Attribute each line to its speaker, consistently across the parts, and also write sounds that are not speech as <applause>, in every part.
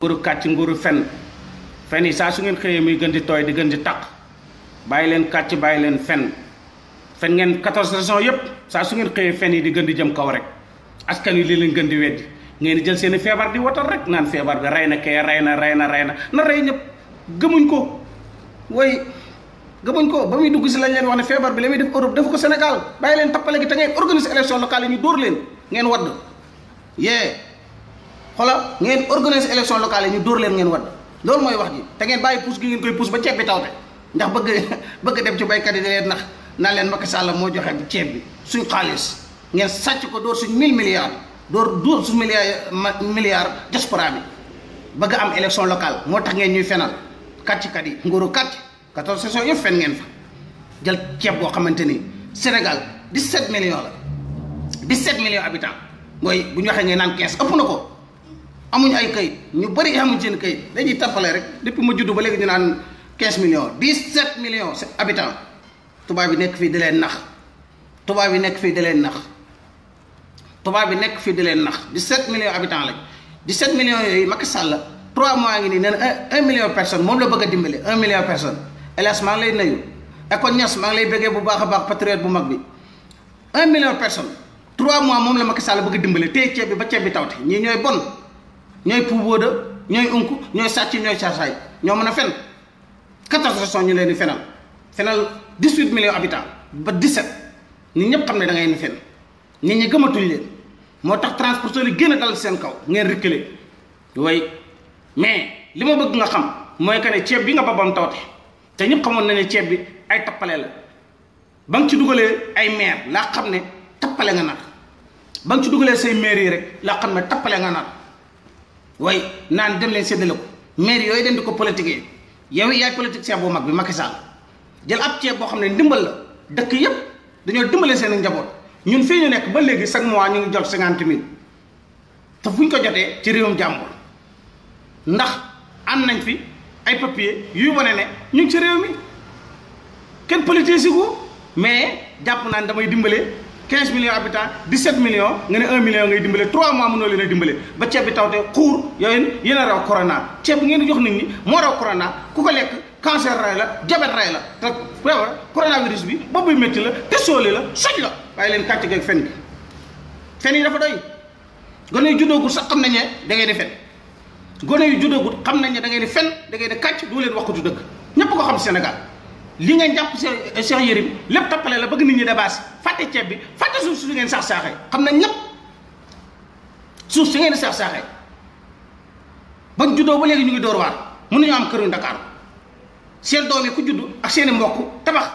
Speaker 1: nguuru kàcc nguuru fen fen yi saa su ngeen xëyee muy gën di tooy di gën di taq bàyyi leen kàcc bàyyi leen fen fen ngeen 14 raisons yépp saa su ngeen xëyee fen yi di gën di jëm kaw rek askan yi li leen gën di weddi ngeen jël seen feebar di watal rek naan feebar bi rey na kee rey na rey na rey na na rey ñépp gëmuñ ko way gëmuñ ko ba muy dugg si lañ leen wax ne feebar bi la muy def Europe def ko Sénégal bàyyi leen tappale gi te ngeen organiser élection locale yi ñu dóor leen ngeen wadd yee xoola ngeen organiser élection locale yi ñu dóor leen ngeen wadd loolu mooy wax ji te ngeen bàyyi puus gi ngeen koy puus ba ceeb bi tawte ndax bëgg <laughs> bëgg dem ci baykat yi di leen nax naan leen Macky Sall moo joxe ceeb bi suñ xaalis ngeen sàcc ko dóor suñ 1000 milliards dóor dóor suñ milliards milliards diaspora bi bëgg am élection locale moo tax ngeen ñuy fenal kat yi nguuru kàcc 14 saison yëpp fen ngeen fa jël ceeb boo xamante ni Sénégal 17 millions la 17 millions habitants mooy bu waxee ngeen naan 15 ëpp na ko amuñ ay kayit ñu bëri amuñ seen kayit dañuy tappale rek depuis ma juddu ba léegi ñu naan 15 millions 17 millions habitants tubaab bi nekk fii di leen nax tubaab bi nekk fii di leen nax tubaab bi nekk fii di leen nax 17 millions habitants lañ 17 millions yooyu Macky sàll 3 mois ngi nii nee na 1 million personne moom la bëgg a dimbale 1 million personne hélas maa lay nuyu Eko maa ngi lay bëggee bu baax a baax patriote bu mag bi 1 million personne 3 mois moom la a dimbale bi ba ceeb bi tawte ñooy puubóoda ñooy unku ñooy sàcc ñooy caasaay ñoo mën a fen 14 régions ñu leen di fenal fenal 18 millions habitants ba 17 nit ñëpp xam ne da ngay ni fen nit ñi gëmatuñ leen moo tax transporteur yi gën a dal seen kaw ngeen reculer way mais li ma bëgg nga xam mooy que ne ceeb bi nga babam tawte te ñëpp xamoon na ne ceeb bi ay tappale la ba nga ci dugalee ay maire laa xam ne tappale nga nar ba nga ci dugalee say maire yi rek laa xam ne tappale nga nar way naan dem leen séddale ko maire yooyu dem di ko politiquer yow yaay politicien bu mag bi Macky Sall jël ab ceeb boo xam ne ndimbal la dëkk yëpp dañoo dimbale seen njaboot ñun fi ñu nekk ba léegi chaque mois ñu ngi jot cinquante mille te fu ñu ko jotee ci réewum jàmbur ndax am nañ fi ay papier yuy wane ne ñu ci réew mi kenn politique si ko mais jàpp naa ne damay dimbale. 15 millions habitants 17 millions nga ne 1 million ngay dimbale 3 mois mënoo leen a dimbale ba ceeb bi tawte xuur yooyu yéen a raw corona ceeb bi ngeen jox nit ñi moo raw corona ku ko lekk cancer ray la diabète ray la te feebar coronavirus bi boobu métti la te la soj la waaye leen kàcc geeg fen gi fen yi dafa doy gone yu juddoogut sax xam nañ ne da ngay fen gone yu juddoogut xam nañ ne da ngay di fen da ngay di kàcc doo leen waxatu dëkk ñépp ko xam senegal li nga jàpp Cheikh Yérim lépp tappale la bëgg nit ñi débaas fàtte ceeb bi xam na suuf si ngeen saax saaxee xam na ñëpp suuf si ngeen saax saaxee bañ juddoo ba léegi ñu ngi door waar mënuñu am këru Dakar seen doom yi ku judd ak seeni mbokk tabax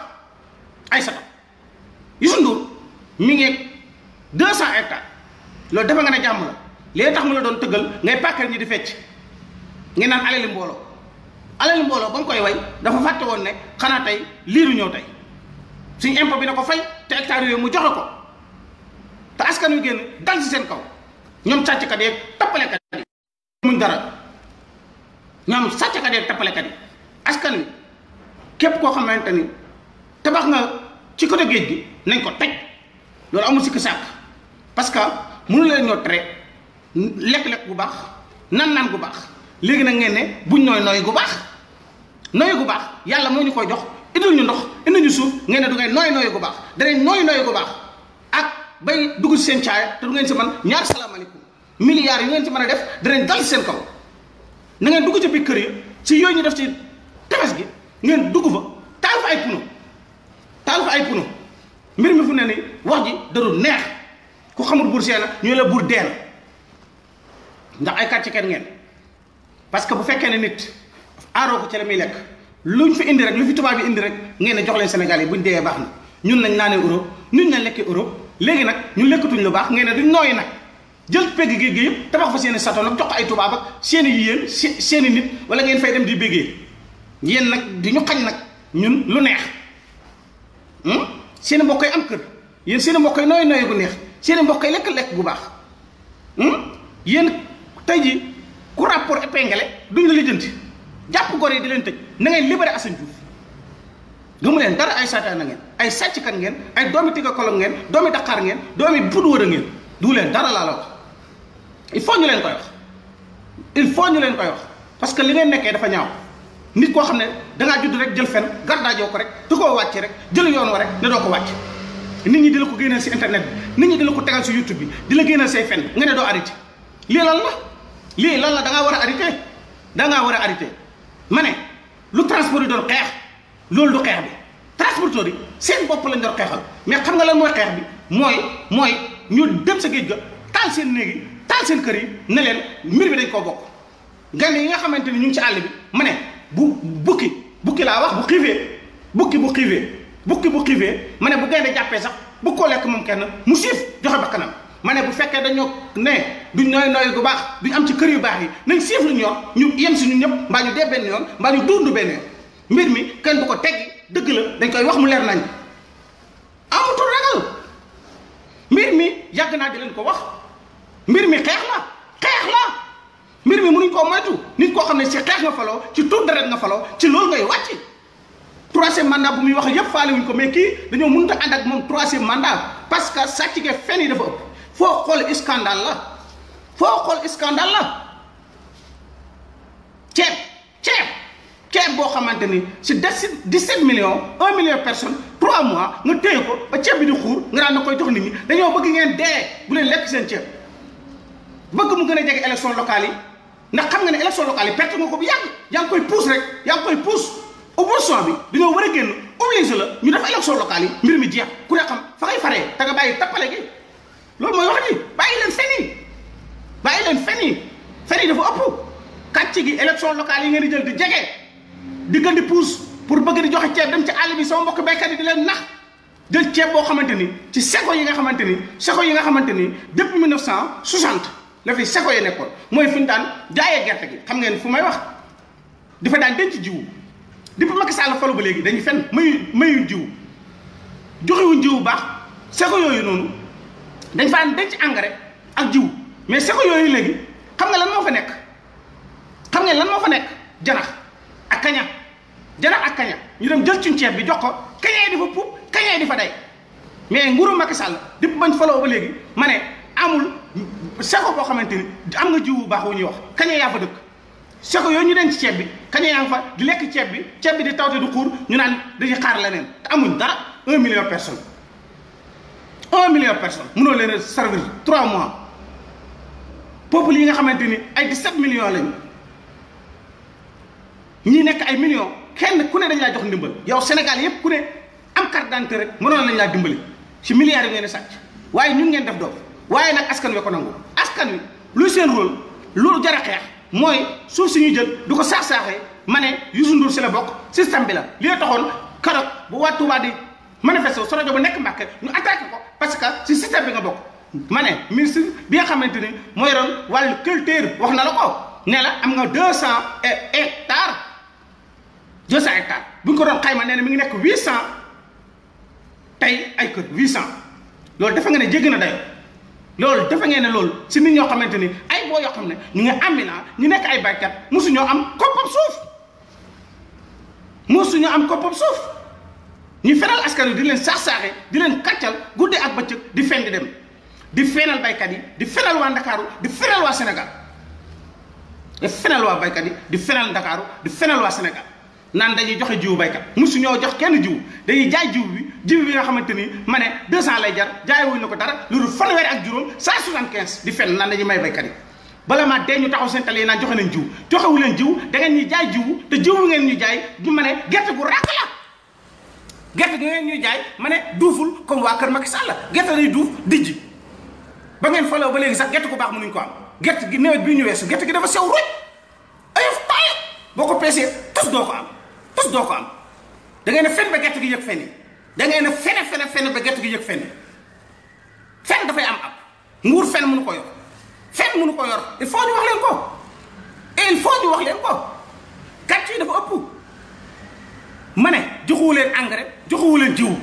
Speaker 1: ay sata Youssou Ndour mi ngi deux cent hectares loolu dafa nga ne jàmm la léegi tax mu la doon tëggal ngay pàkkal ñi di fecc ngeen naan alali mbooloo alali mbooloo ba mu koy way dafa fàtte woon ne xanaa tey liiru ñoo tey suñu impôt bi na ko fay te hectare yooyu mu joxe ko te askan wi génn dal si seen kaw ñoom sàcckat yi tappalekat yi muñ dara ñoom sàcckat yi tappalekat képp koo xamante ni tabax nga ci côté géej gi nañ ko toj loolu amul sikki sàkk parce que mënu leen ñoo tere lekk-lekk bu baax nan naan bu baax léegi na ngeen ne buñ nooy nooy gu baax nooy gu baax yàlla moo ñu koy jox indil ñu ndox indil ñu suuf ngeen ne du ngay nooy nooy gu baax danañ nooy nooy gu baax bay dugg seen caaya te du ngeen si man ñaar salaamaaleykum milliards yi ngeen si mën a def danañ dal seen kaw na ngeen dugg ci biir kër yi si yooyu ñu def si tefes gi ngeen dugg fa taal fa ay puno taal fa ay puno mbir mi fu ne ni wax ji darul neex ku xamul buur seena ñu la buur deen ndax ay kàcc kenn ngeen parce que bu fekkee ne nit aaroo ko ci la muy lekk luñ fi indi rek lu fi tubaab yi indi rek ngeen ne jox leen Sénégal yi buñ dee baax na ñun nañ naanee Europe ñun nañ lekkee Europe léegi nag ñu lekkatuñ lu baax ngeen ne duñ nooyi nag jël pegg géej gi yëpp tabax fa seen i satoon ak jox ay tubaabak ak seen yéen seen i nit wala ngeen fay dem di béggee yéen nag di ñu xañ nag ñun lu neex hmm? seen i koy am kër yéen seen i mbokk yi nooy nooy gu neex seen i mbokk yi lekk lekk gu baax hmm? yéen tey ji ku rapport épinglé duñ la lijjanti jàpp gor yi di leen tëj na ngay libéré Assane gëmu leen dara ay seytaane ngeen ay sàcc kat ngeen ay doomi tigga kolom ngeen doomi daqaar ngeen doomi budu wër a ngeen du leen dara laa la wax il faut ñu leen koy wax il faut ñu leen koy wax parce que li ngeen nekkee dafa ñaaw nit koo xam ne dangaa judd rek jël fen gardaajoo ko rek du koo wàcc rek jël yoon wa rek ne doo ko wàcc nit ñi di la ko génneel si internet bi nit ñi di la ko tegal si youtube bi di la génneel say fen nga ne doo arrêté lii lan la lii lan la da ngaa war a arrêté da ngaa war a arrêté ma ne lu transport yi doon xeex loolu du xeex transporteurs yi seen bopp lañ doon xeexal mais xam nga lan mooy xeex bi mooy mooy ñu dem sa géej ga taal seen néeg yi taal seen kër yi ne leen mbir bi dañ koo bokk gan yi nga xamante ni ñu ngi ci àll bi ma ne bu bukki bukki laa wax bu xiifee bukki bu xiifee bukki bu xiifee ma ne bu gaynde jàppee sax bu ko lekk moom kenn mu siif joxe bakkanam ma ne bu fekkee dañoo ne duñ nooy nooy bu baax duñ am ci kër yu baax yi nañ siif lu ñu yem si ñëpp mbaa ñu yoon mbaa ñu benn mbir mi kenn bu ko teggi dëgg la dañ koy wax mu leer nañ amatul ragal mbir mi yàgg naa di leen ko wax mbir mi xeex la xeex la mbir mi mu mënuñ koo moytu nit koo xam ne ci xeex nga faloo ci tur deret nga faloo ci loolu ngay wàcc troisième mandat bu muy wax yépp faale wuñ ko mais dañoo mënut a ànd ak moom troisième mandat parce que sàcc ge fen yi dafa ëpp foo xool scandale la foo xool scandale la ceeb ceeb ceeb boo xamante ni si dix-sept millions un million personnes trois mois nga téye ko ba ceeb bi di xuur nga daan na koy jox nit ñi dañoo bëgg ngeen dee bu leen lekk seen ceeb bëgg mu gën a jege élection locale yi ndax xam nga ne élection locale yi perte nga ko bu yàgg yaa ngi koy pousse rek yaa ngi koy pousse opposition bi dañoo war a génn obligé la ñu def élection locale yi mbir mi jeex ku ne xam fa ngay faree te nga bàyyi tappale gi loolu mooy wax ni bàyyi leen fen yi bàyyi leen fen yi fen yi gi élection locale yi ngeen di jël di di gën di pour bëgg di joxe ceeb dem ci àll bi sama mbokk béykat yi di leen nax jël ceeb boo xamante ni ci seko yi nga xamante ni seko yi nga xamante ni depuis 1960 la fi seko yi nekkoon mooy fi ñu daan jaayee gerte gi xam ngeen fu may wax di fa daan denc jiwu depuis Macky Sall falu ba léegi dañuy fenn mayu jiw jiwu joxewuñ jiwu baax seko yooyu noonu dañ fa daan denc engrais ak jiw mais seko yooyu léegi xam nga lan moo fa nekk xam ngeen lan moo fa nekk janax kaña jënab ak kaña ñu dem jël suñ ceeb bi jox ko kañee di fa puub kañee di fa day mais nguuru Macky Sall di bañ faloo ba léegi ma ne amul seko boo xamante ni am nga jiw bu baax wu ñuy wax kaña yaa fa dëkk seko yooyu ñu den ci ceeb bi kaña yaa ngi fa di lekk ceeb bi ceeb bi di taw te du xuur ñu naan dañuy xaar leneen te amuñ dara un million person un million personne mënoo leen servir trois mois peuple yi nga xamante ni ay 17 millions lañu ñii nekk ay million kenn ku ne dañ laa jox ndimbal yow Sénégal yëpp ku ne am carte d'identité rek mënoon lañ laa dimbali ci milliar yi ngeen di sàcc waaye ñun ngeen def doom waaye nag askan wi ko nangu askan wi luy seen rôle loolu jar a xeex mooy suuf si ñuy jël du ko saax-saaxee ma ne Youssou Ndour si la bokk système bi la li taxoon keroog bu waa Touba di manifesté wu sa rajo bu nekk Mbàkke ñu attaqué ko parce que si système bi nga bokk ma ne ministre bi nga xamante ni mooy ron wàllu culture wax na la ko ne am nga deux cent xayma nee na mi ngi nekk huit cent tey ay kër huit cent loolu dafa nga ne jégg na dayoo loolu dafa ngeen ne loolu si nit ñoo xamante ni ay boo yoo xam ne ñu ngi amina ñu nekk ay baykat mosuñoo am koppam suuf mosuñoo am koppam suuf ñu feral askan wi di leen saax-saaxe di leen kàccal guddi ak bëccëg di fen di dem di fenal baykat yi di fenal waa Ndakaaru di fenal waa Sénégal di waa baykat yi di fenal Ndakaaru di fenal waa Sénégal naan dañuy joxe jiwu baykat mosu ñoo kenn jiwu dañuy jaay jiw bi jiw bi nga xamante ni ma ne 200 lay jar jaay wuñ ko dara lu dul fanweeri ak juróom 175 di fenn naan dañuy may baykat yi bala maa ñu taxaw seen tali yi joxe nañ jiw joxewu jiw da ngeen jaay jiwu te jiwu ngeen ñu jaay ñu ma gerte gu ràkk la gerte gi ngeen ñuy jaay ma ne duuful comme waa Kër Macky Sall gerte lay duuf dijj ba ngeen faloo ba léegi sax gerte ko baax mu mënuñ ko am gerte gi nawet bii ñu weesu gerte gi dafa sew ruj ayof taay boo ko peesee tos doo ko am tus doo ko am da ngay ne fen ba gerte gi yëg fen yi da ne fene fene fene ba gerte gi yëg fen yi fen dafay am am nguur fen munu ko yor fen mënu ko yor il faut ñu wax leen ko il faut ñu wax leen ko gàtt yi dafa ëpp ma ne joxuwu leen engrais joxuwu leen jiw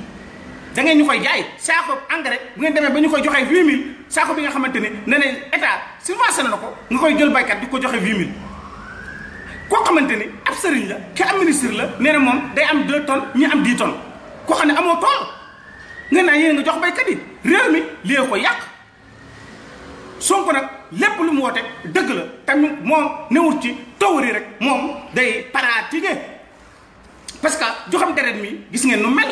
Speaker 1: da ngeen ñu koy jaay saako engrais bu ngeen demee ba ñu koy joxee 8000 saako bi nga xamante ni ne nañ état subventionné na ko nga koy jël baykat di ko joxe 8000. koo xamante ni ab sëriñ la ki am ministre la nee na moom day am deux tonnes ñu am dix tonnes koo xam ne amoo tool nga naa yéen nga jox baykat yi réew mi lée ko yàq Sonko nag lépp lu mu woote dëgg la tamit moo newut ci tawari rek moom day pratiquer parce que joxam deret mi gis ngeen nu mel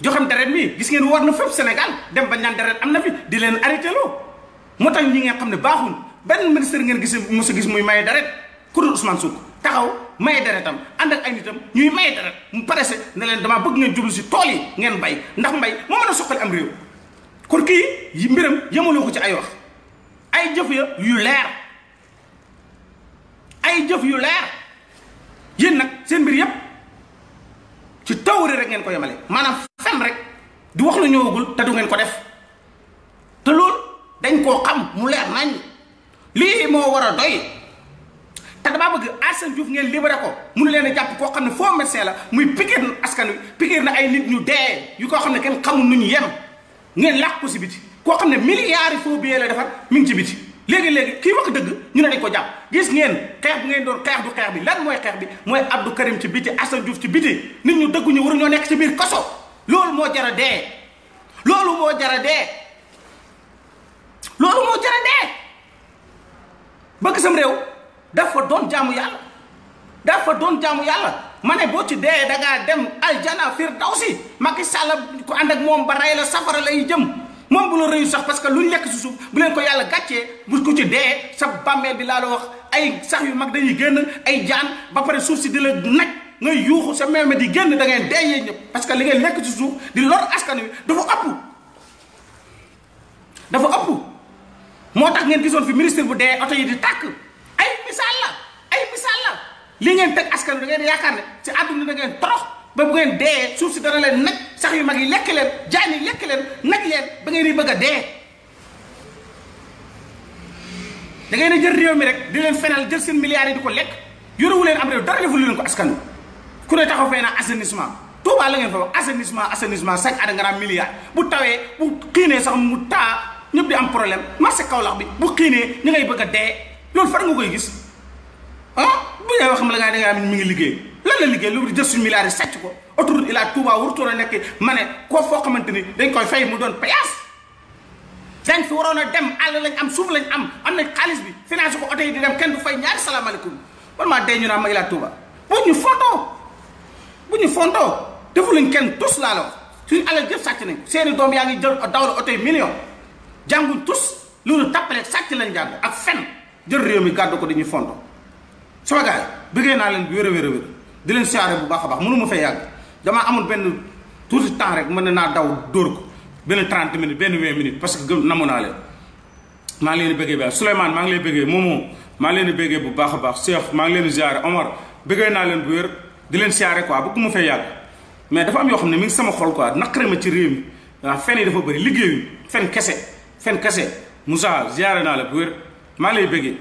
Speaker 1: joxam deret mi gis ngeen war na fépp Sénégal dem ba ñaan deret am na fi di leen arrêté loo moo tax ñi nga xam ne baaxuñ benn ministre ngeen gis mu sa gis muy maye deret ku dul Ousmane Sonko taxaw maye deretam ànd ak ay nitam ñuy maye deret mu pare se neleen damaa bëgg ngeen jublu si tool yi ngeen bay ndax mbay moo mën a soqali am réew kon kii yi mbiram yemaloo ko ci ay wax ay jëf ya yu leer ay jëf yu leer yéen nag seen mbir yépp ci tawri rek ngeen ko yemale maanaam fen rek di wax lu ñëwagul te du ngeen ko def te loolu dañ koo xam mu leer nañ lii moo war a doy te damaa bëgg Assane Diouf ngeen libéré ko mënu leen a jàpp ko xam ne foo médecin la muy piqué na askan wi piqué na ay nit ñu dee yu koo xam ne kenn xamul nu ñu yem ngeen làq ko si biti koo xam ne milliards foo biyee la defar mi ngi ci biti léegi-léegi kii wax dëgg ñu ne dañ ko jàpp gis ngeen xeex bu ngeen doon xeex du xeex bi lan mooy xeex bi mooy Abdou Karim ci biti Assane Diouf ci biti nit ñu dëgguñu waru ñoo nekk ci biir kaso loolu moo jara dee loolu moo jara dee loolu moo jara dee réew dafa doon jaamu yàlla dafa doon jaamu yàlla ma ne boo ci dee da ngaa dem aljana firdawsi Macky Sall ko ànd ak moom ba rey la safara lay jëm moom bu la rëyu sax parce que ñu lekk si suuf bu leen ko yàlla gàccee bu ko ci dee sa bàmmeel bi laa la wax ay sax yu mag dañuy génn ay jaan ba pare suuf si di la nag nga yuuxu sa meeme di génn da ngeen dee yéen ñëpp parce que li ngeen lekk si suuf di lor askan wi dafa ëpp dafa ëpp moo tax ngeen gisoon fi ministre bu dee oto yi di tàkk ay misaal la ay misaal la li ngeen teg askan da ngeen yaakaar ne ci àdduna da ngeen torox ba bu ngeen dee suuf si dana leen nag sax yu mag yi lekk leen jaan yi lekk leen nag leen ba ngeen di bëgg a dee. da ngeen di jël réew mi rek di leen fenal jël seen milliards yi di ko lekk yorewu leen am réew dara defu leen ko askan ku ne taxaw fee naa assainissement. Touba la ngeen fa wax assainissement assainissement chaque année nga naan milliard bu tawee bu xiinee sax mu taa ñëpp di am problème marché bi bu ñu ngay bëgg a dee. loolu fan nga koy gis ah bu dee wax ma la ngaa da ngaa mi ngi liggéey lan la liggéey lu jël suñu milliards yi sàcc ko autoroute Ila Touba warutoon a ma koo foo xamante ni dañ koy fay mu doon péage dañ fi waroon a dem àll lañ am suuf lañ am am nañ xaalis bi financé ko oto yi di dem kenn du fay ñaari salaamaaleykum man maa dee ñu naa ma Ila Touba bu ñu fontoo bu ñu fontoo deful lañ kenn tus laa la suñu alal jëpp sàcc nañ seeni doom yaa ngi jël dawal oto yi million jànguñ tus loolu tappale sàcc lañ jàng ak fen jël réew mi gàddu ko dañuy fondo sama gars bëggee naa leen wér a wér a wér di leen siyaare bu baax a baax mënu ma fay yàgg damaa amul benn tuuti temps rek mën na naa daw dóor ko benn 30 minutes benn 20 minutes parce que gëm namu naa leen maa ngi leen di bëggee ba Souleymane maa ngi leen bëggee moom maa ngi leen di bëggee bu baax a baax Cheikh maa ngi leen di siyaare Omar bëggee naa leen bu wér di leen siyaare quoi bëgg ma fay yàgg mais dafa am yoo xam ne mi ngi sama xol quoi naqare ma ci réew mi waaw fen yi dafa bëri liggéeyu fen kese fen kese Moussa siyaare naa la bu wér maa ngi lay bëggee